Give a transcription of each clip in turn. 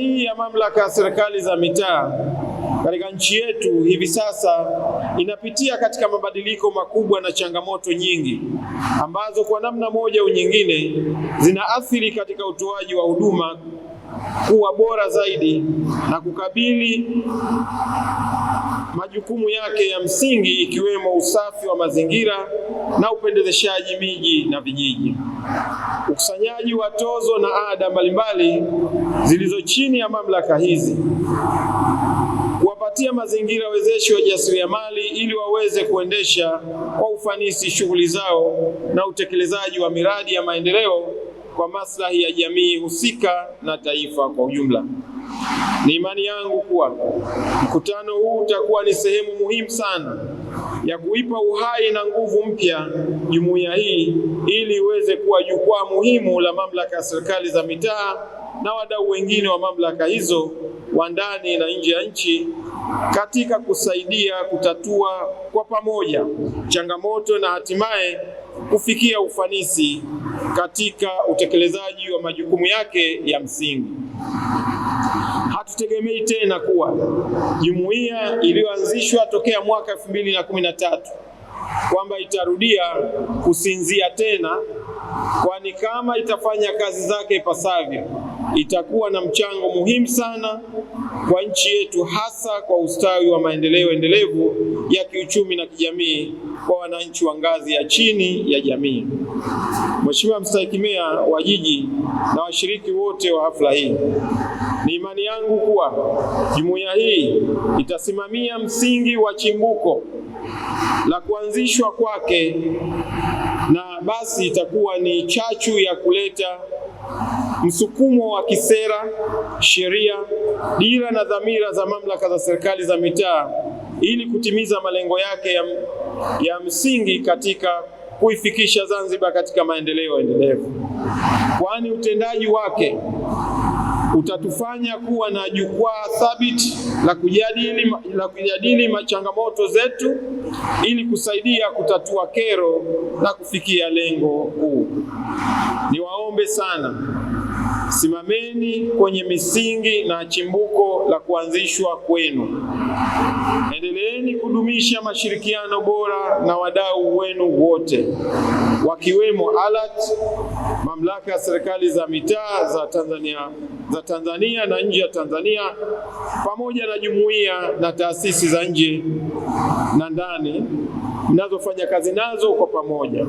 hii ya mamlaka ya serikali za mitaa katika nchi yetu hivi sasa inapitia katika mabadiliko makubwa na changamoto nyingi ambazo kwa namna moja au nyingine zinaathiri katika utoaji wa huduma kuwa bora zaidi na kukabili majukumu yake ya msingi ikiwemo usafi wa mazingira na upendezeshaji miji na vijiji, ukusanyaji wa tozo na ada mbalimbali zilizo chini ya mamlaka hizi, kuwapatia mazingira wezeshi wajasiriamali ili waweze kuendesha kwa ufanisi shughuli zao na utekelezaji wa miradi ya maendeleo kwa maslahi ya jamii husika na taifa kwa ujumla. Ni imani yangu kuwa mkutano huu utakuwa ni sehemu muhimu sana ya kuipa uhai na nguvu mpya jumuiya hii ili iweze kuwa jukwaa muhimu la mamlaka ya serikali za mitaa na wadau wengine wa mamlaka hizo wa ndani na nje ya nchi katika kusaidia kutatua kwa pamoja changamoto na hatimaye kufikia ufanisi katika utekelezaji wa majukumu yake ya msingi hatutegemei tena kuwa jumuiya iliyoanzishwa tokea mwaka 2013 kwamba itarudia kusinzia tena, kwani kama itafanya kazi zake ipasavyo itakuwa na mchango muhimu sana kwa nchi yetu, hasa kwa ustawi wa maendeleo endelevu ya kiuchumi na kijamii kwa wananchi wa ngazi ya chini ya jamii. Mheshimiwa Mstahiki Meya wa Jiji na washiriki wote wa hafla hii, ni imani yangu kuwa jumuiya hii itasimamia msingi wa chimbuko la kuanzishwa kwake, na basi itakuwa ni chachu ya kuleta msukumo wa kisera, sheria, dira na dhamira za mamlaka za serikali za mitaa ili kutimiza malengo yake ya, ya msingi katika kuifikisha Zanzibar katika maendeleo endelevu, kwani utendaji wake utatufanya kuwa na jukwaa thabiti la kujadili, la kujadili machangamoto zetu ili kusaidia kutatua kero na kufikia lengo kuu. Niwaombe sana simameni kwenye misingi na chimbuko la kuanzishwa kwenu. Endeleeni kudumisha mashirikiano bora na wadau wenu wote wakiwemo ALAT, mamlaka ya serikali za mitaa za Tanzania za Tanzania na nje ya Tanzania pamoja na jumuiya na taasisi za nje na ndani mnazofanya kazi nazo kwa pamoja.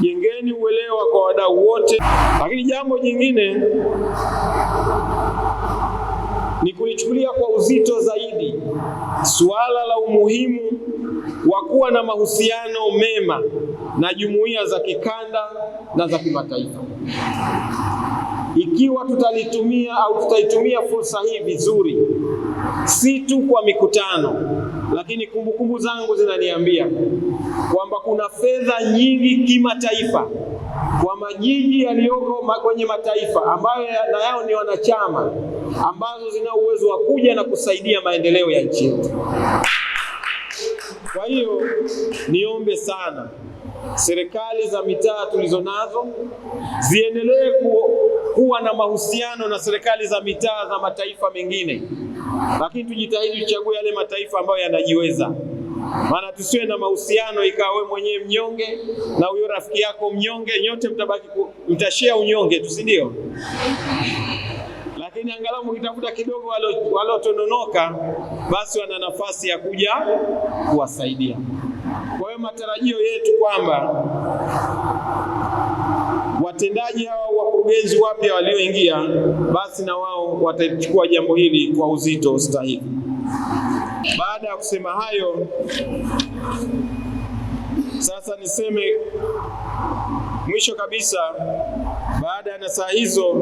Jengeni uelewa kwa wadau wote, lakini jambo jingine ni kulichukulia kwa uzito zaidi suala la umuhimu wa kuwa na mahusiano mema na jumuiya za kikanda na za kimataifa. Ikiwa tutalitumia au tutaitumia fursa hii vizuri, si tu kwa mikutano lakini kumbukumbu zangu zinaniambia kwamba kuna fedha nyingi kimataifa kwa majiji yaliyoko kwenye mataifa ambayo na yao ni wanachama ambazo zina uwezo wa kuja na kusaidia maendeleo ya nchi yetu. Kwa hiyo niombe sana serikali za mitaa tulizonazo ziendelee kuwa na mahusiano na serikali za mitaa za mataifa mengine lakini tujitahidi tuchague yale mataifa ambayo yanajiweza, maana tusiwe na mahusiano ikawa wewe mwenyewe mnyonge na huyo rafiki yako mnyonge, nyote mtabaki mtashia unyonge tu, si ndio? Lakini angalau mkitafuta kidogo walotononoka basi wana nafasi ya kuja kuwasaidia. Kwa hiyo matarajio yetu kwamba watendaji hawa wakurugenzi wapya walioingia, basi na wao watachukua jambo hili kwa uzito stahiki. Baada ya kusema hayo, sasa niseme mwisho kabisa, baada ya nasaha hizo,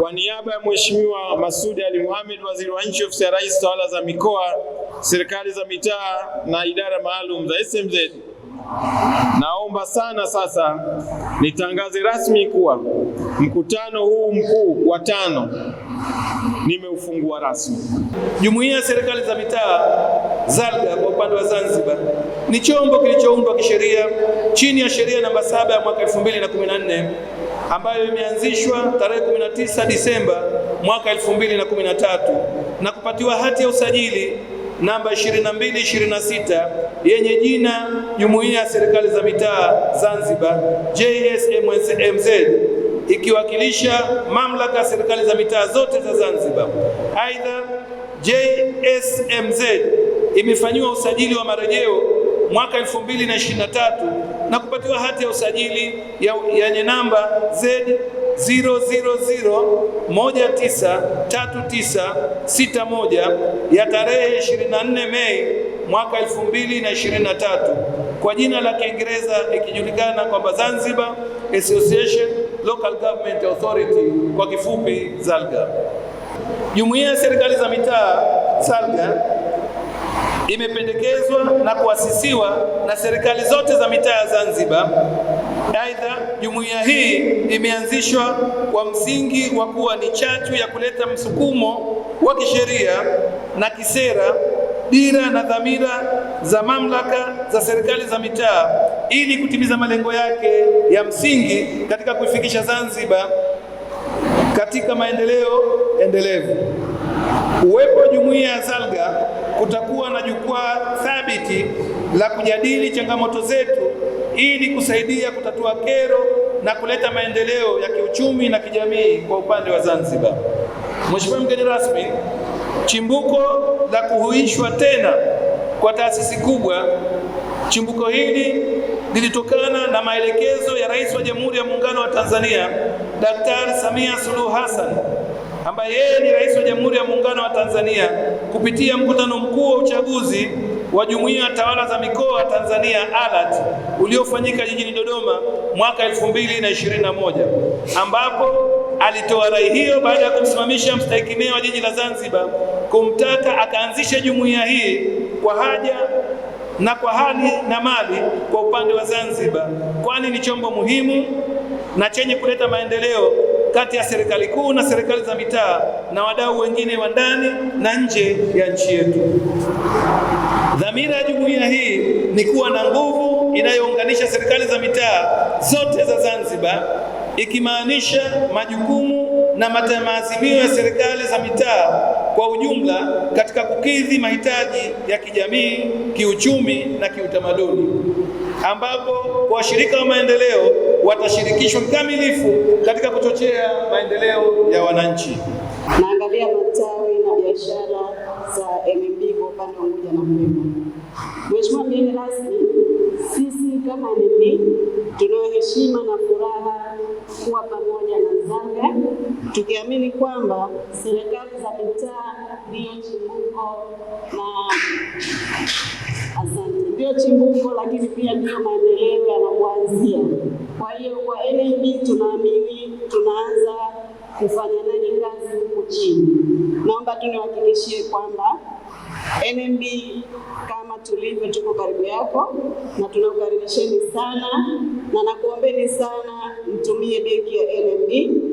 kwa niaba ya Mheshimiwa Masudi Ali muhamed Waziri wa Nchi, Ofisi ya Rais, Tawala za Mikoa, Serikali za Mitaa na Idara Maalum za SMZ Naomba sana sasa nitangaze rasmi kuwa mkutano huu mkuu wa tano nimeufungua rasmi. Jumuiya ya serikali za mitaa ZALGA kwa upande wa Zanzibar ni chombo kilichoundwa kisheria chini ya sheria namba saba ya mwaka 2014 ambayo imeanzishwa tarehe 19 Disemba mwaka 2013 na kupatiwa hati ya usajili namba 2226 yenye jina Jumuiya ya Serikali za Mitaa Zanzibar jsmz ikiwakilisha mamlaka ya serikali za mitaa zote za Zanzibar. Aidha, JSMZ imefanyiwa usajili wa marejeo mwaka 2023 na kupatiwa hati ya usajili yenye namba Z 000193961 ya tarehe 24 Mei mwaka 2023 kwa jina la Kiingereza ikijulikana kwamba Zanzibar Association Local Government Authority kwa kifupi ZALGA. Jumuiya ya serikali za mitaa ZALGA imependekezwa na kuasisiwa na serikali zote za mitaa ya Zanzibar. Aidha, jumuiya hii imeanzishwa kwa msingi wa kuwa ni chachu ya kuleta msukumo wa kisheria na kisera, dira na dhamira za mamlaka za serikali za mitaa ili kutimiza malengo yake ya msingi katika kuifikisha Zanzibar katika maendeleo endelevu. Uwepo wa jumuiya ya ZALGA kutakuwa jukwaa thabiti la kujadili changamoto zetu ili kusaidia kutatua kero na kuleta maendeleo ya kiuchumi na kijamii kwa upande wa Zanzibar. Mheshimiwa mgeni rasmi, chimbuko la kuhuishwa tena kwa taasisi kubwa, chimbuko hili lilitokana na maelekezo ya Rais wa Jamhuri ya Muungano wa Tanzania Daktari Samia Suluhu Hassan ambaye yeye ni rais wa Jamhuri ya Muungano wa Tanzania kupitia mkutano mkuu wa uchaguzi wa Jumuiya ya Tawala za Mikoa Tanzania ALAT uliofanyika jijini Dodoma mwaka 2021 ambapo alitoa rai hiyo baada ya kumsimamisha mstahiki meya wa jiji la Zanzibar, kumtaka akaanzishe jumuiya hii kwa haja na kwa hali na mali kwa upande wa Zanzibar, kwani ni chombo muhimu na chenye kuleta maendeleo kati ya serikali kuu na serikali za mitaa na wadau wengine wa ndani na nje ya nchi yetu. Dhamira ya jumuiya hii ni kuwa na nguvu inayounganisha serikali za mitaa zote za Zanzibar, ikimaanisha majukumu na matamanzimio ya serikali za mitaa kwa ujumla katika kukidhi mahitaji ya kijamii, kiuchumi na kiutamaduni ambapo washirika wa maendeleo watashirikishwa kikamilifu katika kuchochea maendeleo ya wananchi. Naangalia matawi na biashara za MMB kwa upande wa Unguja na Mlima. Mheshimiwa mgeni rasmi, sisi kama MMB tunayo heshima na furaha kuwa pamoja na Zanga, tukiamini kwamba serikali za mitaa ndiyo chimbuko na ndio chimbuko, lakini pia ndio maendeleo yanakuanzia. Kwa hiyo kwa NAB tunaamini tunaanza kufanya nani kazi huku chini. Naomba tu niwahakikishie kwamba NMB kama tulivyo, tuko karibu yako na tunakukaribisheni sana na nakuombeni sana mtumie benki ya NMB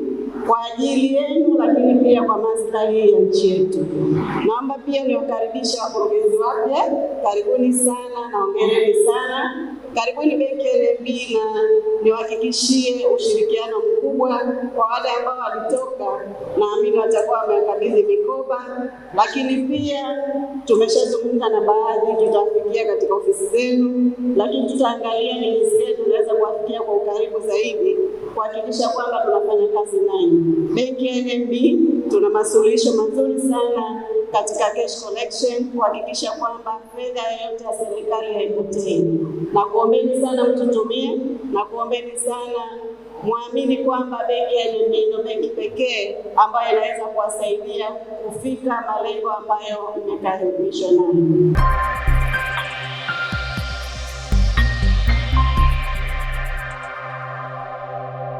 kwa ajili yenu, lakini pia kwa maslahi ya nchi yetu. Naomba pia niwakaribisha wakurugenzi wapya, karibuni sana na ongereni sana. Karibuni benki ya NMB na niwahakikishie ushirikiano mkubwa kwa wale ambao walitoka, naamini watakuwa wamekabidhi mikoba, lakini pia tumeshazungumza na baadhi, tutawafikia katika ofisi zenu, lakini tutaangalia ni jinsi gani tunaweza kuwafikia kwa ukaribu zaidi kuhakikisha kwamba tunafanya kazi nanyi. Benki ya NMB tuna masuluhisho mazuri sana katika cash collection, kuhakikisha kwamba fedha yoyote ya serikali haipotei. Na kuombeni sana mtutumie, na kuombeni sana muamini kwamba benki ya NMB ndio benki pekee ambayo inaweza kuwasaidia kufika malengo ambayo imekaribishwa nayo.